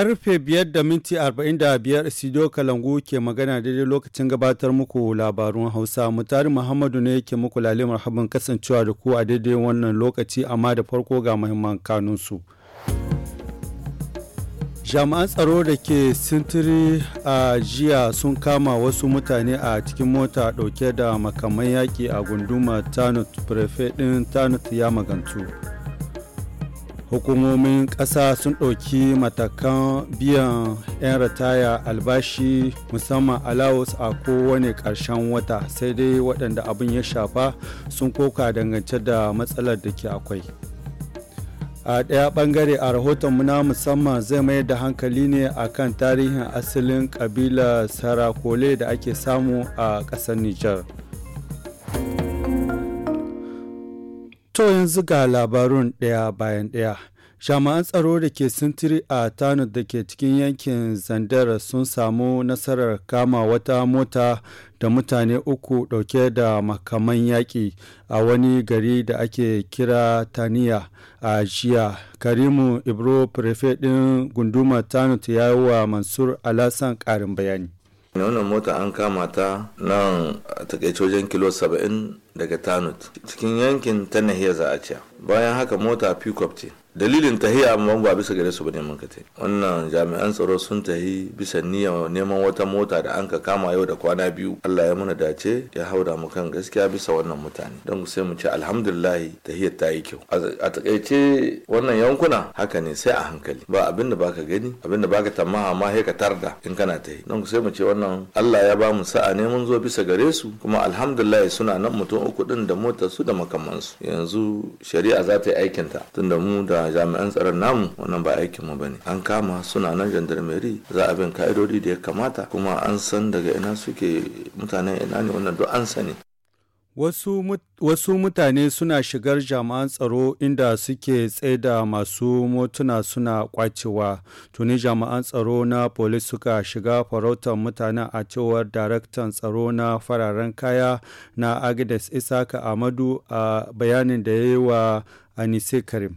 Karfe 5 da minti 45 Sido Kalangu ke magana daidai lokacin gabatar muku labarun Hausa. Mutari Muhammadu ne yake muku lalimar habin kasancewa da ku a daidai wannan lokaci amma da farko ga muhimman kanunsu. Jami'an tsaro da ke sintiri a jiya sun kama wasu mutane a cikin mota dauke da makaman yaƙi a gunduma Tanut, Prefet ɗin Tanut ya magantu. hukumomin ƙasa sun ɗauki matakan biyan 'yan ritaya albashi musamman alawus a kowane ƙarshen wata sai dai waɗanda abin ya shafa sun koka dangance da matsalar da ke akwai a ɗaya ɓangare a rahoton muna musamman zai mayar da hankali ne akan tarihin asalin ƙabilar sarakole da ake samu a ƙasar nijar. To yanzu ga labarun ɗaya bayan ɗaya. Jami'an tsaro da ke sintiri a tanut da ke cikin yankin Zandera sun samu nasarar kama wata mota da mutane uku ɗauke da makaman yaƙi a wani gari da ake kira Taniya a jiya. Karimu Ibro Prefet ɗin gunduma Tano ta yi wa Mansur Alasan ƙarin bayani. wannan mota an kama ta nan a takaice wajen kilo 70 daga tanut cikin yankin ta nahiya za a bayan haka mota pickup ce dalilin tahiya amma ba bisa gare su ba neman ka wannan jami'an tsaro sun tahi bisa niyyar neman wata mota da an ka kama yau da kwana biyu Allah ya muna dace ya haura mu kan gaskiya bisa wannan mutane don sai mu ce alhamdulillah tahiyar ta yi kyau a takaice wannan yankuna haka ne sai a hankali ba abin da baka gani abin da baka tamaha ma sai ka tarda in kana tahi don sai mu ce wannan Allah ya ba mu sa'a ne mun zo bisa gare su kuma alhamdulillah suna nan mutum uku din da motar su da makamansu yanzu shari'a za ta yi aikinta tunda mu da jami'an tsaron namu wannan ba aikin mu bane an kama suna nan gendarmerie za a bin ka'idodi da ya kamata kuma an san daga ina suke mutanen ina ne wannan duk an sani Wasu, mutane suna shigar jami'an tsaro inda suke tsaida masu motuna suna kwacewa. Tuni jami'an tsaro na polis suka shiga farautar mutanen a cewar daraktan tsaro na fararen kaya na agnes Isaka Amadu a bayanin da ya yi wa Anise Karim.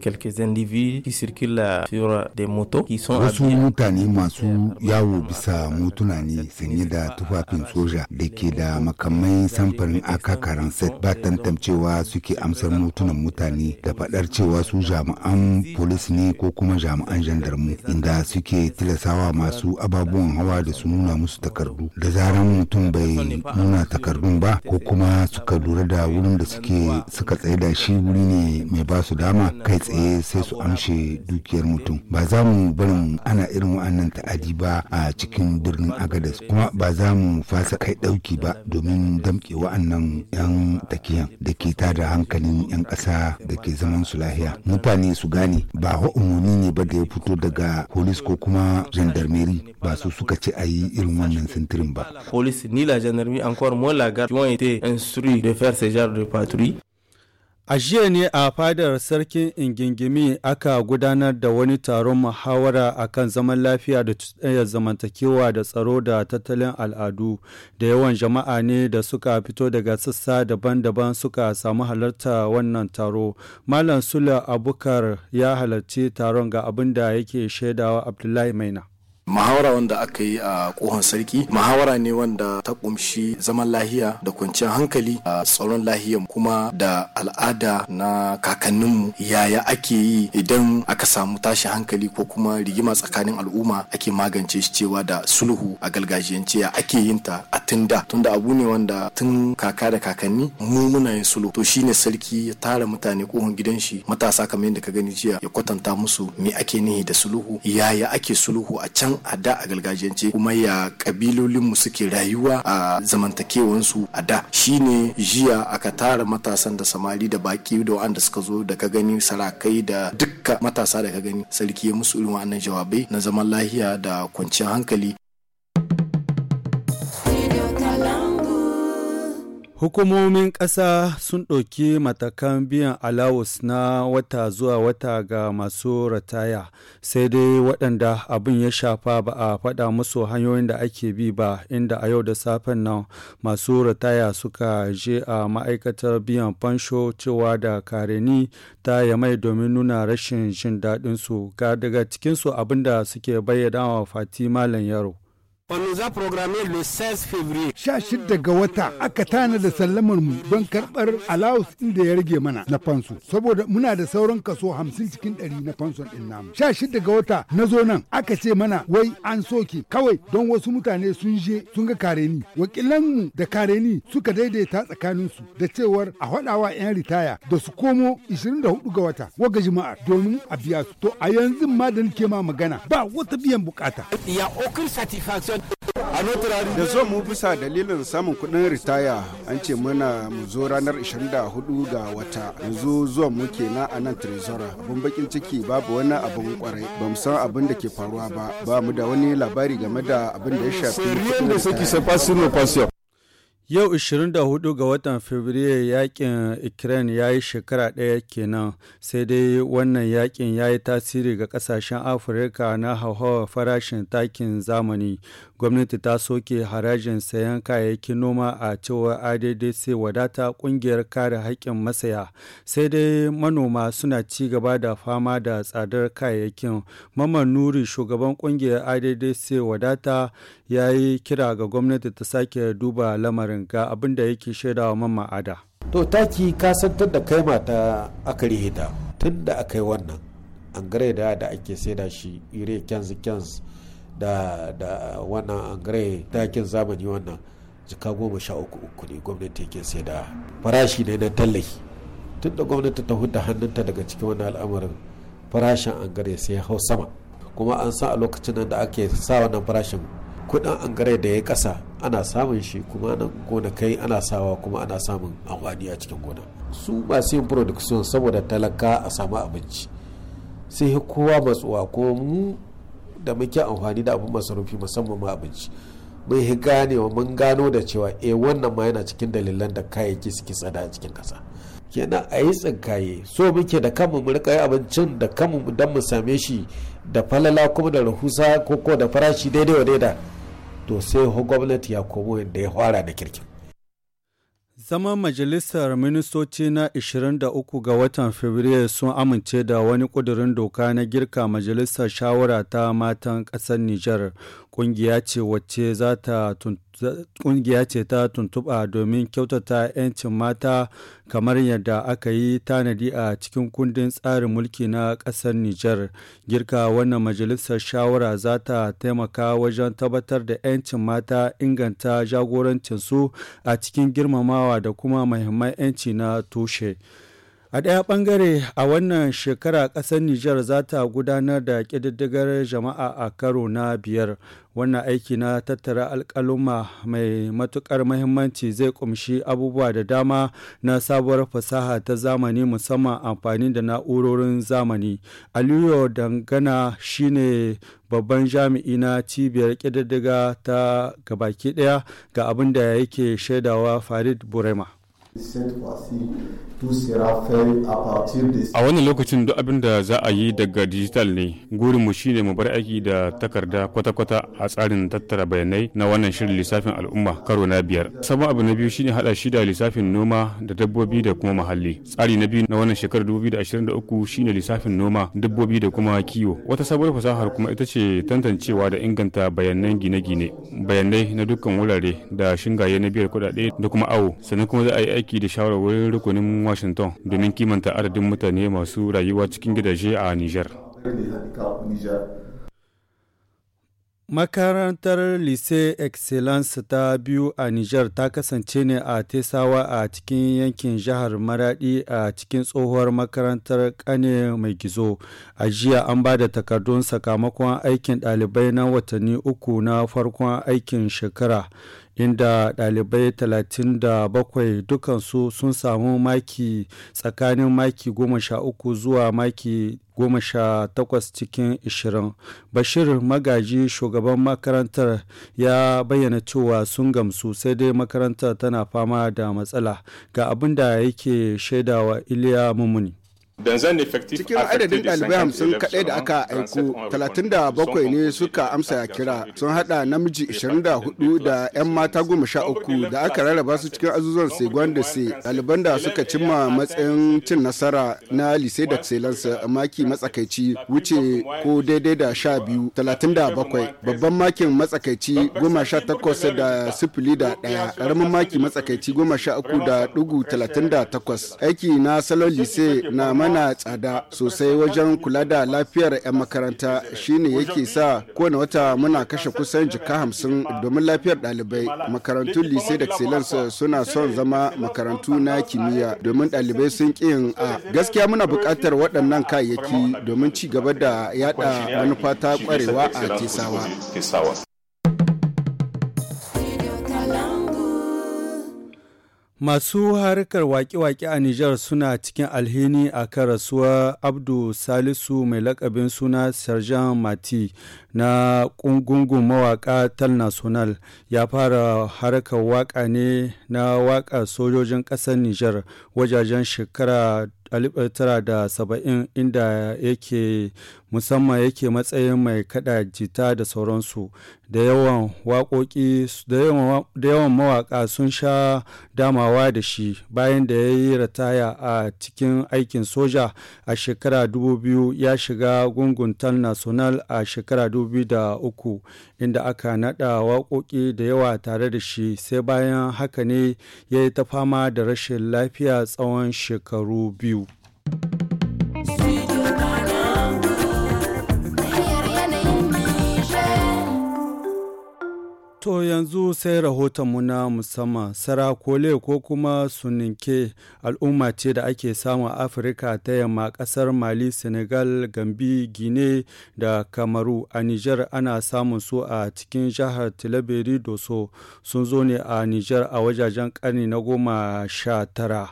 quelques individus qui circulent sur des motos qui sont wasu mutane masu yawo bisa motuna ne sanye da tufafin soja da ke da makamai samfarin karan set ba tantancewa suke amsar motunan mutane da faɗar cewa su jami'an polis ne ko kuma jami'an jandarmu inda suke tilasawa masu ababuwan hawa da su nuna musu takardu da zaran mutum bai nuna takardun ba ko kuma suka lura da wurin da suke suka tsaye da shi wuri ne mai ba su dama kai tsaye eh, sai su amshe dukiyar mutum ba za mu barin ana irin wa'annan ta'adi ba a cikin birnin agadas kuma ba za mu fasa kai dauki ba domin damke wa'annan yan takiyan da ke tada hankalin yan ƙasa da ke zaman su lahiya mutane su gane ba wa umuni ne ba da ya fito daga polis ko kuma gendarmerie ba su suka ce a yi irin wannan sintirin ba. polis ni la gendarmerie encore moins la garde qui ont été instruits de faire ce genre de patrouille. A jiya ne a fadar sarkin Ingingimi aka gudanar da wani taron muhawara akan zaman lafiya da tsayar zamantakewa da tsaro da tattalin al'adu da yawan jama'a ne da suka fito daga sassa daban-daban suka samu halarta wannan taro. Malam Sula Abukar ya halarci taron ga abin da yake shaidawa Abdullahi Maina. Muhawara wanda aka yi a kohon sarki muhawara ne wanda ta kumshi zaman lahiya da kwanciyar hankali a tsaron lahiya kuma da al'ada na kakanninmu yaya ake yi idan aka samu tashi hankali ko kuma rigima tsakanin al'umma ake magance shi cewa da sulhu a gargajiyance ya ake yin ta a tunda tunda abu ne wanda tun kaka da kakanni mu muna yin sulhu to shine sarki ya tara mutane kohon gidan shi matasa kamar yadda ka gani jiya ya kwatanta musu me ake nihi da sulhu yaya ake sulhu a can can a da a gargajiyance kuma ya mu suke rayuwa a zamantakewansu a da shine jiya aka tara matasan da samari da baki da wanda suka zo da ka gani sarakai da dukka matasa da ka gani sarki ya musu irin wa'annan jawabai na zaman lahiya da kwanciyar hankali Hukumomin ƙasa sun ɗauki matakan biyan alawus na wata zuwa wata ga masu rataya, sai dai waɗanda abin ya shafa ba a faɗa musu hanyoyin da ake bi ba, inda a yau da safen nan masu rataya suka je a ma'aikatar biyan fansho cewa da kareni ta mai domin nuna rashin jin daɗinsu, ga daga cikinsu abin da suke bayyana wa Fatima Yaro. le Sha shidda ga wata aka tana da sallamar mu don karɓar alawus ɗin da ya rage mana na fansu saboda muna da sauran kaso hamsin cikin ɗari na fanson ɗin namu. Sha shidda ga wata na zo nan aka ce mana wai an soke kawai don wasu mutane sun je sun ga kareni wakilan mu da kareni suka daidaita tsakanin su da cewar a haɗawa 'yan ritaya da su komo 24 ga wata waga jima'ar domin a biya su to a yanzu ma da nake ma magana ba wata biyan bukata. Ya okun satisfaction da zo mu bisa dalilin samun kuɗin ritaya an ce muna mu zo ranar 24 ga wata yanzu zuwa mu kenan a nan trezora abun bakin ciki babu wani abun kwarai ba mu san abin da ke faruwa ba ba mu da wani labari game da abin da ya shafi ritaya Yau 24 ga watan Fabrairu yakin Ukraine ya yi shekara ɗaya kenan sai dai wannan yakin ya yi tasiri ga ƙasashen Afirka na hauhawar farashin takin zamani. Gwamnati ta soke harajin sayan kayayyakin noma a cewar ADDC wadata ƙungiyar kare haƙƙin masaya. Sai dai manoma suna ci gaba da fama da tsadar kayayyakin. Maman Nuri shugaban ƙungiyar ADDC wadata ya yi kira ga gwamnati ta sake duba lamarin. ga abin da yake shaidawa mamma ada to taki kasantar da kai mata aka rihita tun da aka yi wannan an da da ake saida shi ire kyanzu kyanzu da da wannan an gare takin zamani wannan jika goma sha uku uku ne gwamnati yake saida farashi ne na tallafi tun da gwamnati ta huta hannunta daga cikin wani al'amarin farashin an gare sai hau sama kuma an sa a lokacin nan da ake sa wannan farashin kudin angare da ya kasa ana samun shi kuma nan gonakai ana sawa kuma ana samun amfani a cikin gona su masu yin production saboda talaka a samu abinci sai kowa matsuwa ko mu da muke amfani da abin masarufi musamman ma abinci mun yi ganewa mun gano da cewa eh wannan ma yana cikin dalilan da kayayyaki suke tsada a cikin kasa kenan a yi tsinkaye so muke da kanmu mu rika abincin da kanmu don mu same shi da falala kuma da rahusa ko ko da farashi daidai wa daida to sai gwamnati ya komo da ya fara da kirkin Zaman Majalisar Ministoci na 23 ga watan Fabrairu sun amince da wani ƙudurin doka na girka Majalisar Shawara ta Matan ƙasar Nijar. kungiya ce ta tuntuɓa domin kyautata 'yancin mata kamar yadda aka yi tanadi a cikin kundin tsarin mulki na ƙasar Nijar. Girka wannan majalisar shawara za ta taimaka wajen tabbatar da 'yancin mata inganta jagorancinsu a cikin girmamawa da kuma mahimman 'yanci na tushe. A ɗaya ɓangare a wannan shekara ƙasar Nijar za ta gudanar da ƙididdigar jama'a a karo na biyar. Wannan aiki na tattara alƙaluma mai matuƙar mahimmanci zai ƙumshi abubuwa da dama na sabuwar fasaha ta zamani musamman amfani da na'urorin zamani. Aliyu Dangana shine babban jami'i na cibiyar ƙididdiga ta gabaki ɗaya ga abin da yake shaidawa Farid Burema. A wannan lokacin duk abin da za a yi daga dijital ne, gurinmu shine mu bar aiki da takarda kwata-kwata a tsarin tattara bayanai na wannan shirin lissafin al'umma karo na biyar. Sabon abu na biyu shine hada shi da lissafin noma da dabbobi da kuma muhalli. Tsari na biyu na wannan shekarar 2023 shine lissafin noma, dabbobi da kuma kiwo. Wata sabuwar fasahar kuma ita ce tantancewa da inganta bayanan gine-gine, bayanai na dukkan wurare da shingaye na biyar kuɗaɗe da kuma awo, sannan kuma za a yi aiki da shawarwarin rukunin Washington domin kimanta adadin mutane masu rayuwa cikin gidaje a niger. Makarantar Lycée Excellence ta biyu a niger ta kasance ne a Tesawa a cikin yankin jihar Maradi a cikin tsohuwar makarantar Kane mai gizo. A jiya an ba da takardun sakamakon aikin ɗalibai na watanni uku na farkon aikin shekara. inda ɗalibai 37 dukansu sun samu maki tsakanin maki 13 zuwa maki goma sha cikin 20 bashir magaji shugaban makarantar ya bayyana cewa sun gamsu sai dai makarantar tana fama da matsala ga abin da yake shaidawa iliya mummuni cikin adadin dalibai hamsin kaɗai da aka aiko 37 ne suka amsa ya kira sun hada namiji 24 da 'yan mata 13 da aka rarraba su cikin azuzan segon da se ɗaliban da suka cimma matsayin cin nasara na lise da excellence maki matsakaici wuce ko daidai da 12 37 babban makin matsakaici 18 da sifili da ɗaya ƙaramin maki matsakaici 13 da ɗugu 38 aiki na salon lise na ana tsada sosai wajen kula da lafiyar 'yan makaranta shine yake sa kowane wata muna kashe kusan jika hamsin domin lafiyar ɗalibai makarantun lise da excellence suna son zama makarantu na kimiyya domin ɗalibai sun ƙi yin a gaskiya muna buƙatar waɗannan kayayyaki domin ci gaba da yada manufa ta kwarewa a tesawa Masu harkar waƙe-waƙe a Nijar suna cikin alhini a kan rasuwar Abdu Salisu mai lakabin suna Sergeant Mati na gungun mawaƙa Tal National ya fara harkar waƙa ne na waƙa sojojin ƙasar Nijar wajajen shekara 1970 eh, inda yake musamman yake matsayin mai kada jita da sauransu da yawan waƙoƙi da yawan mawaƙa sun sha damawa da shi bayan da ya yi rataya a cikin aikin soja a shekara 2000 ya shiga gungun tal national a shekara 2003 inda aka naɗa waƙoƙi da yawa tare da shi sai bayan haka ne ya yi ta fama da rashin lafiya tsawon shekaru biyu. To yanzu sai rahotonmu na musamman sarakole ko kuma suninke al'umma ce da ake samu a Afirka ta yamma ƙasar Mali, Senegal, Gambi, Gine da Kamaru a Nijar ana samun su a cikin jihar Tilaberi Doso sun zo ne a Nijar a wajajen ƙarni na goma sha tara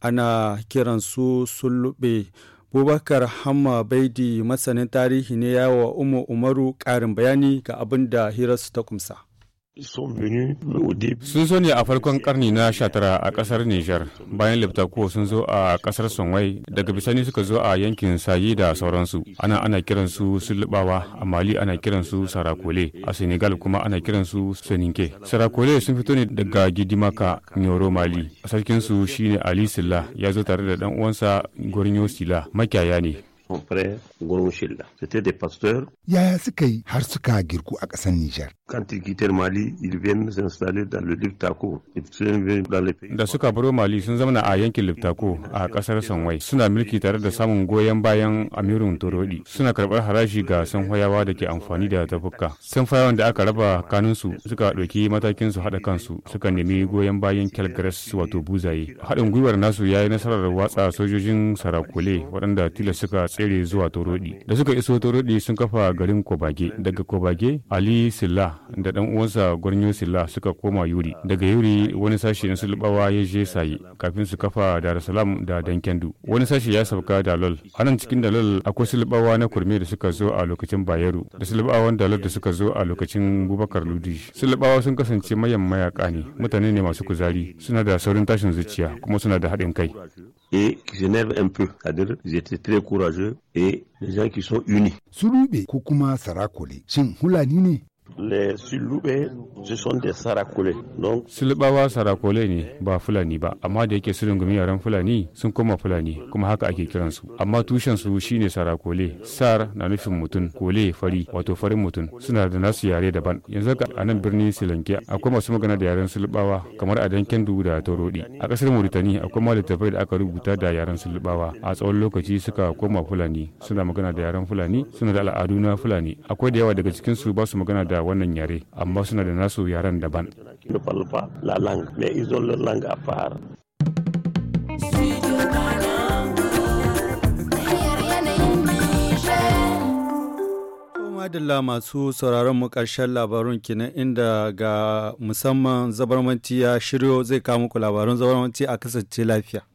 ana kiransu sun lube. Bubakar Hamma Baidi masanin tarihi ne yawa Umu Umaru ƙarin bayani ga abin da hirarsu ta kumsa. Sun zo ne a farkon karni na 19 a kasar Nijar, bayan Liptako sun zo a kasar Sonwai, daga bisani suka zo a yankin Sayi da sauransu. Ana ana kiransu Sulubawa, a Mali ana kiransu Sarakole, a Senegal kuma ana kiransu Soninke. Sarakole sun fito ne daga Gidimaka, Nyoro Mali. Sarkinsu shine Ali Silla, ya zo tare da dan uwansa Gorinyo Silla, makiyaya ne. Yaya suka yi har suka girku a ƙasar Nijar? quand ils Mali, ils viennent s'installer dans Liptako. Da suka baro Mali sun zama a yankin Liptako a kasar Sanwai. Suna mulki tare da samun goyon bayan Amirin Torodi. Suna karɓar haraji ga sanhoyawa da ke amfani da sun fayawan da aka raba kanunsu suka ɗauki matakin su haɗa kansu suka nemi goyon bayan Kelgras wato buzaye. Haɗin gwiwar nasu ya yi nasarar watsa sojojin sarakule waɗanda tilas suka tsere zuwa Torodi. Da suka iso Torodi sun kafa garin Kobage. Daga Kobage, Ali Silla da dan uwansa gwarnyo silla suka koma yuri daga yuri wani sashi na sulbawa ya je saye kafin su kafa dar salam da dankendu wani sashi ya sauka dalol nan cikin dalol akwai sulbawa na kurme da suka zo a lokacin bayero da sulbawan dalol da suka zo a lokacin bubakar ludi sulbawa sun kasance mayan mayaka ne mutane ne masu kuzari suna da saurin tashin zuciya kuma suna da haɗin kai et rube ko kuma sarakole shin hulani ne les sulubé ce sont des sarakolais donc sulubawa sarakolai ne ba fulani ba amma da yake gumi yaren fulani sun koma fulani kuma haka ake kiran su amma tushen su shine sarakole sar na nufin mutum kole fari wato farin mutum suna da nasu yare daban yanzu a anan birnin silanke akwai masu magana da yaren sulubawa kamar a danken dubu da torodi a kasar mauritani akwai ma littafai da aka rubuta da yaren sulubawa a tsawon lokaci suka koma fulani suna magana da yaren fulani suna da al'adu na fulani akwai da yawa daga cikin su ba su magana da wannan yare amma suna da nasu yaren daban madalla masu sauraron mu karshen labarun kenan inda ga musamman zabarmanti ya shiryo zai kawo muku labarun zabarmanti a kasance lafiya.